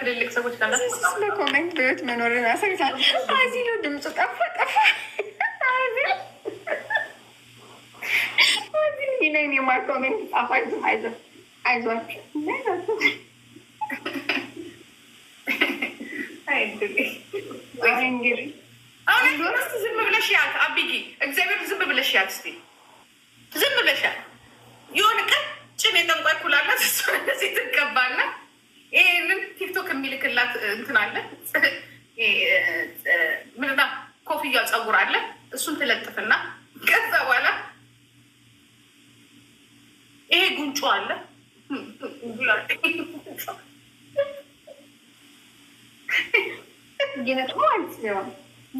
ትልልቅ ሰዎች በኮሜንት በህይወት መኖርን ያሳይታል። አዚህ ነው ድምፁ ጠፋ ጠፋ ማ ኮሜንት ጠፋ። አይዟቸው እንግዲህ አሁን እንደሆነ እስኪ ዝም ብለሽ ያት አቢጊ እግዚአብሔር ዝም ብለሽ ያት እስኪ ዝም ብለሽ ያት የሆነ ቀን ጭን የጠንቋይ ኩላላት እሱ እንደዚህ ትገባና ይህንን ቲክቶክ የሚልክላት እንትን አለ ምንና ኮፍያ ፀጉር አለ እሱን ትለጥፍና ከዛ በኋላ ይሄ ጉንጮ አለ ጌነት ማለት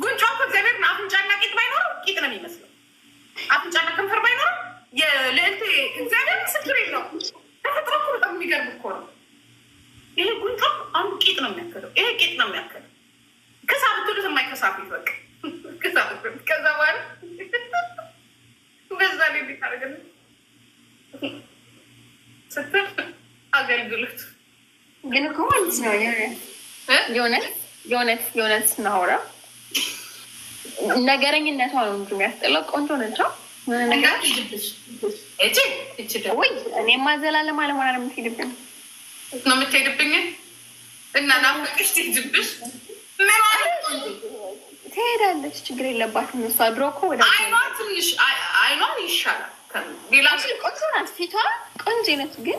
ጉንጯ እኮ እግዚአብሔር አፍንጫና ቂጥ ባይኖረው ቂጥ ነው የሚመስለው። አፍንጫና ከንፈር ባይኖረው የልዕልት እግዚአብሔር ምስክር የለው። ተፈጥሮ እኮ በጣም የሚገርም እኮ ነው። ይሄ ጉንጮ አሁን ቂጥ ነው የሚያክለው። ይሄ ቂጥ ነው የሚያክለው። ከሳ ብትሉት የማይከሳ ፊት በቃ ብትሉት ከዛ በኋላ በዛ ላይ ቤት አደረገ ስትል አገልግሎት ግን እኮ ማለት ነው የሆነ የሆነት የሆነት ስናወራ ነገረኝነቷ ነው እንጂ የሚያስጠላው ቆንጆ ነቻ እኔ ማዘላለም ዘላለም አለማላ ነው የምትሄድብኝ ነው የምትሄድብኝ እና ናፈቅሽ ትሄድብሽ ትሄዳለች። ችግር የለባትም። እሷ ድሮ እኮ ወደ ትንሽ አይኗን ይሻላል። ሌላ ቆንጆ ናት፣ ፊቷ ቆንጆ ነት ግን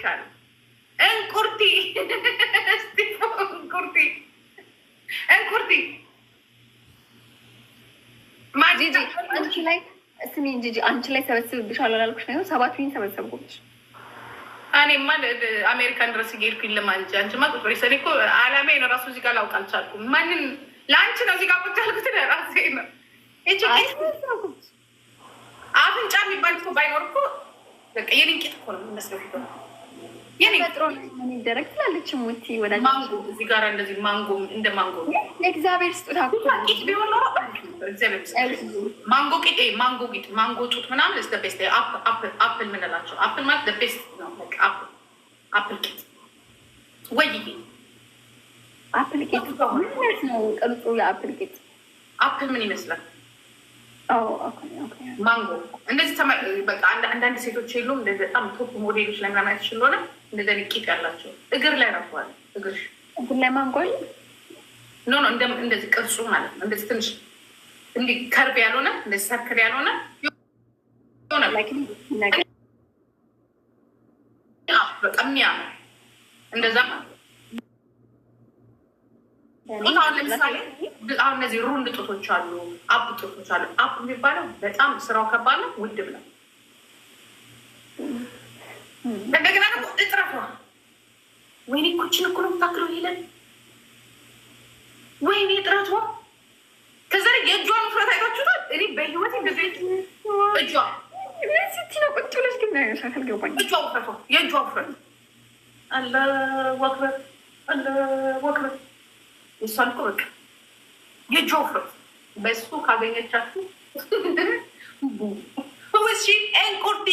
ውሻ ነው። እንቁርቲ እንቁርቲ እንቁርቲ አንቺ ላይ ስሚ እንጂ አንቺ ላይ አላልኩሽ ነው? ሰበሰብኩብሽ። እኔማ አሜሪካን ድረስ እየሄድኩኝ አንቺማ እኮ ነው እዚህ ጋር ላውቅ አልቻልኩም። ማንን ለአንቺ ነው እዚህ ጋር ቁጭ ያልኩት ለራሴ ነው። አፍንጫ የሚባል እኮ ባይኖር እኮ በቃ የኔን ቂጥ እኮ ነው የሚመስለው የሚደረግ ትላለች ሙቲ ማንጎ እዚህ ጋር እንደዚህ ማንጎ እንደ ማንጎ ስጦታ ቂጥ ቢሆን ኖሮ ማንጎ ቂጥ ማንጎ ቂጥ ማንጎ ጩት ምናምን ስ ቤስት አፕል ምንላቸው አፕል ማለት ቤስት ነው። አፕል ቂጥ ወይ አፕል ቂጥ ነው ቅርጹ? የአፕል ቂጥ አፕል ምን ይመስላል? ማንጎ እንደዚህ አንዳንድ ሴቶች የሉም በጣም ቶፕ ሞዴሎች ላይ አይተሽ እንደሆነ እንደዚህ ልቂጥ ያላቸው እግር ላይ እግር እግር ላይ ኖ ኖ እንደዚህ ቅርጹ ማለት ነው። እንደዚህ ትንሽ እንዲህ ከርብ ያልሆነ እንደዚህ ሰርክል ያልሆነ በቀሚያ ነው እንደዛ አሁን ለምሳሌ አሁን እነዚህ ሩንድ ጡቶች አሉ፣ አፕ ጡቶች አሉ። አፕ የሚባለው በጣም ስራው ከባድ ነው፣ ውድም ነው። እንደገና ደግሞ እጥረ ወይኔ ኩችን እኮ ነው ታክሎ ይለን ወይኔ ጥረቷ ከዛ የእጇን ውፍረት አይታችሁታል። እኔ በህይወት እንደዚ እጇ ቁጭ ብለሽ ግን አልገባኝም። እጇ ውፍረቷ የእጇ ውፍረት አለ ዋክበት አለ ዋክበት እሷን እኮ በቃ የእጇ ውፍረት በሱ ካገኘቻችሁ ወሲ ኤንቁርዲ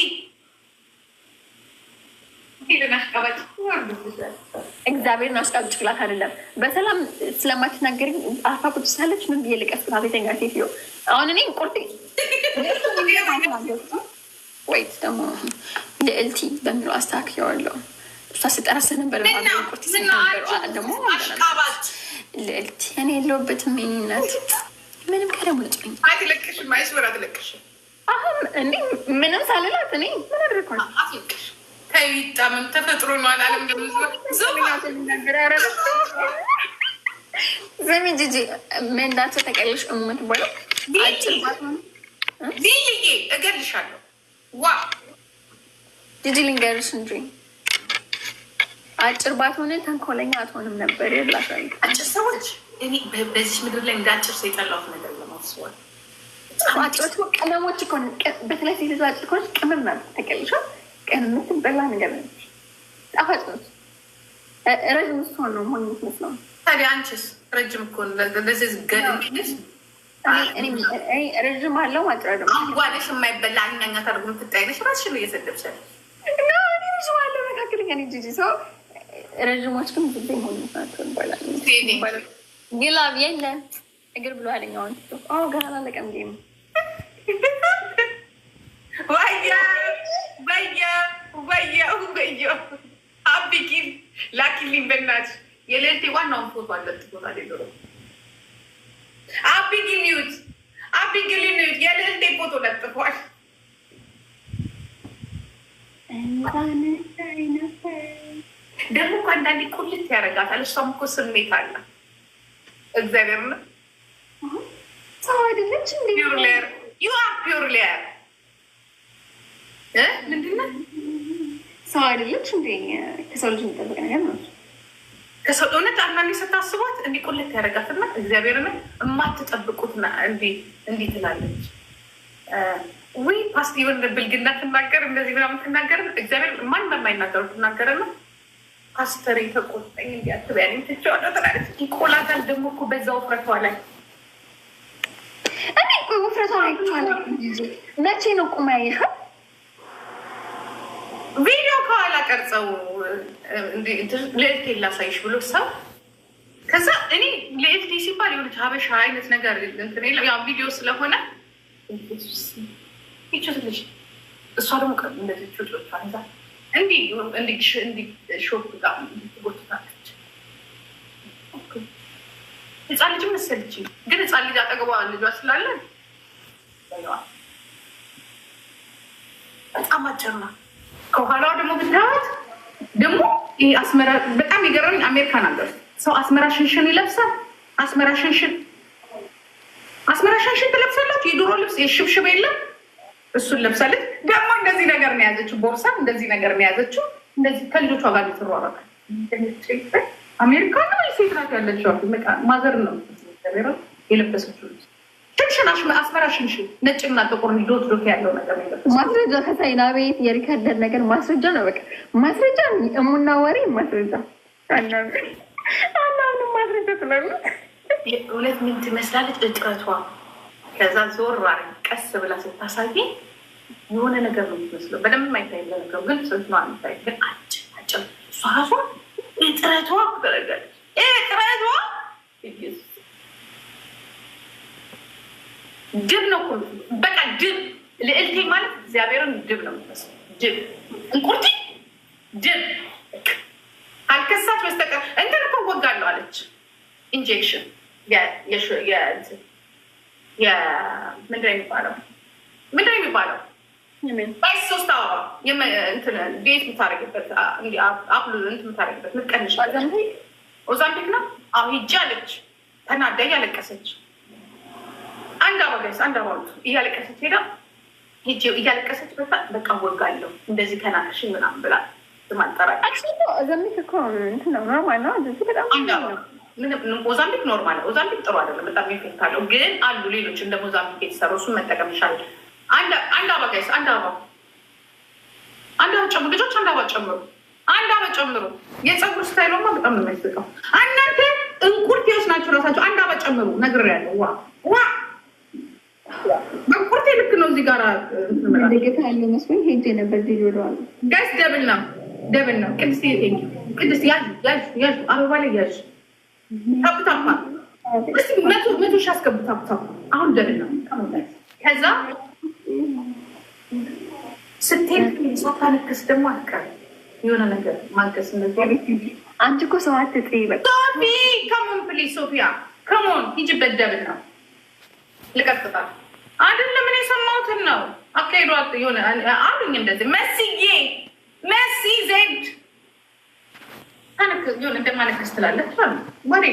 እግዚአብሔርን አሽቃብ ጭቅላት አይደለም። በሰላም ስለማትናገር አፋ ቁጭ ሳለች ምን ብዬ ልቀስ ቤተኛ ሴት ዮ አሁን እኔ ቁርጤ ወይት ደግሞ ልዕልቲ በሚለው አስተካክያዋለሁ። እሷ ስጠረሰ ነበር ቁርጤ ደግሞ ልዕልቲ እኔ የለሁበትም። ምኝነት ምንም ከደሞ ልጭኝ አትለቅሽም። አይሱር አትለቅሽም። አሁን ምንም ሳልላት እኔ ምን አድርኳል ተይጣምም ተፈጥሮ ነው አላለም። ዘሚ ጂጂ መንዳቸው ተቀየሽ የምትባለው ቢልዬ እገልሻለሁ። ዋ ጂጂ ልንገርሽ እንጂ አጭር ባትሆነ ተንኮለኛ አትሆንም ነበር። የላሻል አጭር ሰዎች በዚህ ምድር ላይ እንደ አጭር ሰው የጠላሁት ነገር ለማስዋል ቀመሞች በተለይ ሴት አጭር ከሆነች ቅመም ናት። ተቀልሻል ቀን የምትበላ ነገር ነች። ጣፋጭ ነች። ረዥም ስትሆን ነው ሞኝት መስለው። ታዲያ አንቺስ ረጅም እኮ ለዚህ ረዥም አለው ማጭረድም ጓደሽ የማይበላ አኛኛ ታደርጉ የምትጣይነሽ ራስሽን እየሰደብሻል። ረዥም አለው መካከለኛ ጅጅ ሰው ረዥሞች ግን ብዙ ሞኝት ግላብ የለን እግር ብሎ አለኛውን ገና አላለቀም ጌም ዋናውን ፎቶ አለጥፎታል። የድሮ አቢጊል ኒውት አቢጊል ኒውት ፎቶ ለጥፏል። ደግሞ እኮ አንዳንዴ ቁልት ያደርጋታል። እሷም እኮ ስሜት አለ። እግዚአብሔር ነው ሰው አይደለች። ፒውር ምንድን ነው ሰው አይደለች እንዴ? ከሰው ልጅ የሚጠበቅ ነገር ነው። ከሰው እውነት አንዳንዴ ስታስቧት እንዲህ ቁልት ያደረጋትና እግዚአብሔርን የማትጠብቁት እንዲህ ትላለች። ወይ ፓስት የሆነ ብልግና ትናገር እንደዚህ ብላ ትናገር እግዚአብሔር ማን በማይናገሩ ትናገር ነው። ፓስተር የተቆጣኝ እንዲያትበያለኝ ትቼዋለሁ ትላለች። ይቆላታል ደግሞ እኮ በዛ ውፍረቷ ላይ እኔ ውፍረቷ ላይ መቼ ነው ቁማ ይኸው ቪዲዮ ከኋላ ቀርጸው ለኤፍቴ ላሳይሽ ብሎ ሰው ከዛ እኔ ለኤፍቴ ሲባል የሆነች ሀበሻ አይነት ነገር ያው ቪዲዮ ስለሆነ ይችትልሽ እሷ ደግሞ እንደዚህ ጮጮቿ እንዲህ እንዲህ ጋር ጎትታለች። ህፃን ልጅ መሰለች፣ ግን ህፃን ልጅ አጠገቧ ልጇ ስላለን በጣም አጭር ነው። ከኋላዋ ደግሞ ብታያት ደግሞ አስመራ በጣም የገረመኝ አሜሪካን ሀገር ሰው አስመራ ሽንሽን ይለብሳል። አስመራ ሽንሽን አስመራ ሽንሽን ትለብሳላችሁ። የድሮ ልብስ የሽብሽብ የለም እሱን ለብሳለች። ደግሞ እንደዚህ ነገር ነው የያዘችው፣ ቦርሳ እንደዚህ ነገር ነው የያዘችው። እንደዚህ ከልጆቿ ጋር ትሯሯጣል። አሜሪካ ነው ሴት ናት ያለችው። ማዘር ነው የለበሰችው ልብስ ሽንሽናሽ አስመራ ሽንሽን ነጭና ጥቁር ዶት ዶት ያለው ነገር ማስረጃ ከሳይና ቤት የሪከርደር ነገር ማስረጃ ነው። በቃ ማስረጃ እሙና ወሬ ማስረጃ አናምንም ማስረጃ ስላሉ እውነት ምን ትመስላለች እጥረቷ። ከዛ ዞር ቀስ ብላ ስታሳይ የሆነ ነገር ነው የምትመስለው። በደንብ ማይታይ ነገር ግን ስልት ነው አንታይ ግን አጭር አጭር እሷ እጥረቷ ትገለጋለች እጥረቷ ድብ ነው በቃ ድብ ልዕልቴ ማለት እግዚአብሔርን ድብ ነው ድብ እንቁርቲ ድብ አልከሳች በስተቀር እንትን እኮ ወጋለሁ አለች። ኢንጀክሽን ምንድን የሚባለው? ምንድን የሚባለው? ባይ ሶስት አበባ ቤት የምታደርግበት አፕሉ እንትን የምታደርግበት ምትቀንሽ ሞዛምቢክ ነው። አሁ ሂጅ አለች ተናዳ አለቀሰች። አንድ አባጋይስ አንድ አባሉት እያለቀሰች ሄዳ ሄጄ እያለቀሰች በቃ በቃ ወጋለሁ እንደዚህ ተናቅሽ ምናምን ብላ ሞዛምቢክ ኖርማል ነው። ሞዛምቢክ ጥሩ አይደለም፣ በጣም ኢፌክት አለው። ግን አሉ ሌሎች እንደ ሞዛምቢክ የተሰሩ እሱን መጠቀም ይሻላል። አንድ አባ ጋይስ አንድ አባ አንድ አባ ጨምሩ ልጆች፣ አንድ አባ ጨምሩ፣ አንድ አባ ጨምሩ። የፀጉር ስታይል ማ በጣም ነው እናንተ እንቁርቴዎች ናቸው ራሳቸው። አንድ አባ ጨምሩ ነግሬያለሁ። ዋ ዋ በኮርቴ ልክ ነው። እዚህ ጋር ጌታ ያለው መስሎኝ ሄጄ ነበር። ጋይስ ደብል ነው፣ ደብል ነው። ቅድስት ቅድስት ያዥ አበባ ላይ ያዥ ታፕታፓ መቶ ሺህ አስገቡ። ታፕታፓ አሁን ደብል ነው። ከዛ ስትሄድ ሳታለቅስ ደግሞ አትቀርም። የሆነ ነገር ማልቀስ አንቺ እኮ ሰው አትጥሪ። ሶፊ ከሞን ፕሊዝ ሶፊያ ከሞን ሂጅበት ደብል ነው። ልቀጥታል አይደለም እኔ የሰማሁትን ነው። አካሄዷት የሆነ አሉኝ እንደዚህ መስዬ መሲ ዜድ ሆነ እንደማለክስ ትላለች ወሬ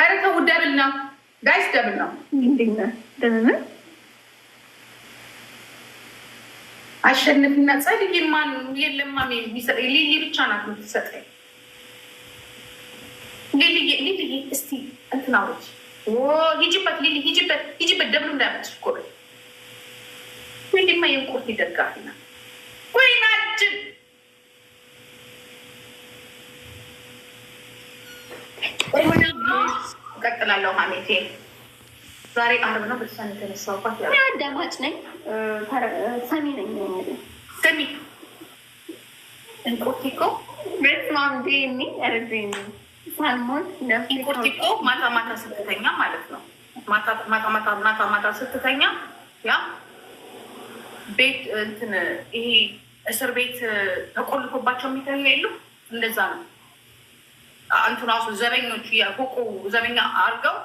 ኧረ ተው ደብል ነው ጋይስ ደብል ነው። አሸንፍና ጸልይ ማን የለማ ሊሊ ብቻ ናት የምትሰጠኝ ሊሊ እስቲ እንትን አለች። ሂጂበት ሊሊ ሂጂበት ሂጂበት ደብሉ እንዳያመች እኮ ወይማ የቁርት ደጋፊ ናት ወይ እቀጥላለሁ። ማሜቴ ዛሬ አርብ ነው። በተሳን የተነሳውባት አዳማጭ ነኝ፣ ሰሚ ነኝ። ሰሚ እንቁርት እኮ ቤት ማምዴ ኒ ሳልሞን ማታ ማታ ስትተኛ ማለት ነው። ማታ ማታ ስትተኛ ያ ቤት እንትን ይሄ እስር ቤት ተቆልፎባቸው የሚተኙ የሉ እንደዛ ነው። አንቱ ራሱ ዘበኞቹ ዘበኛ አድርገው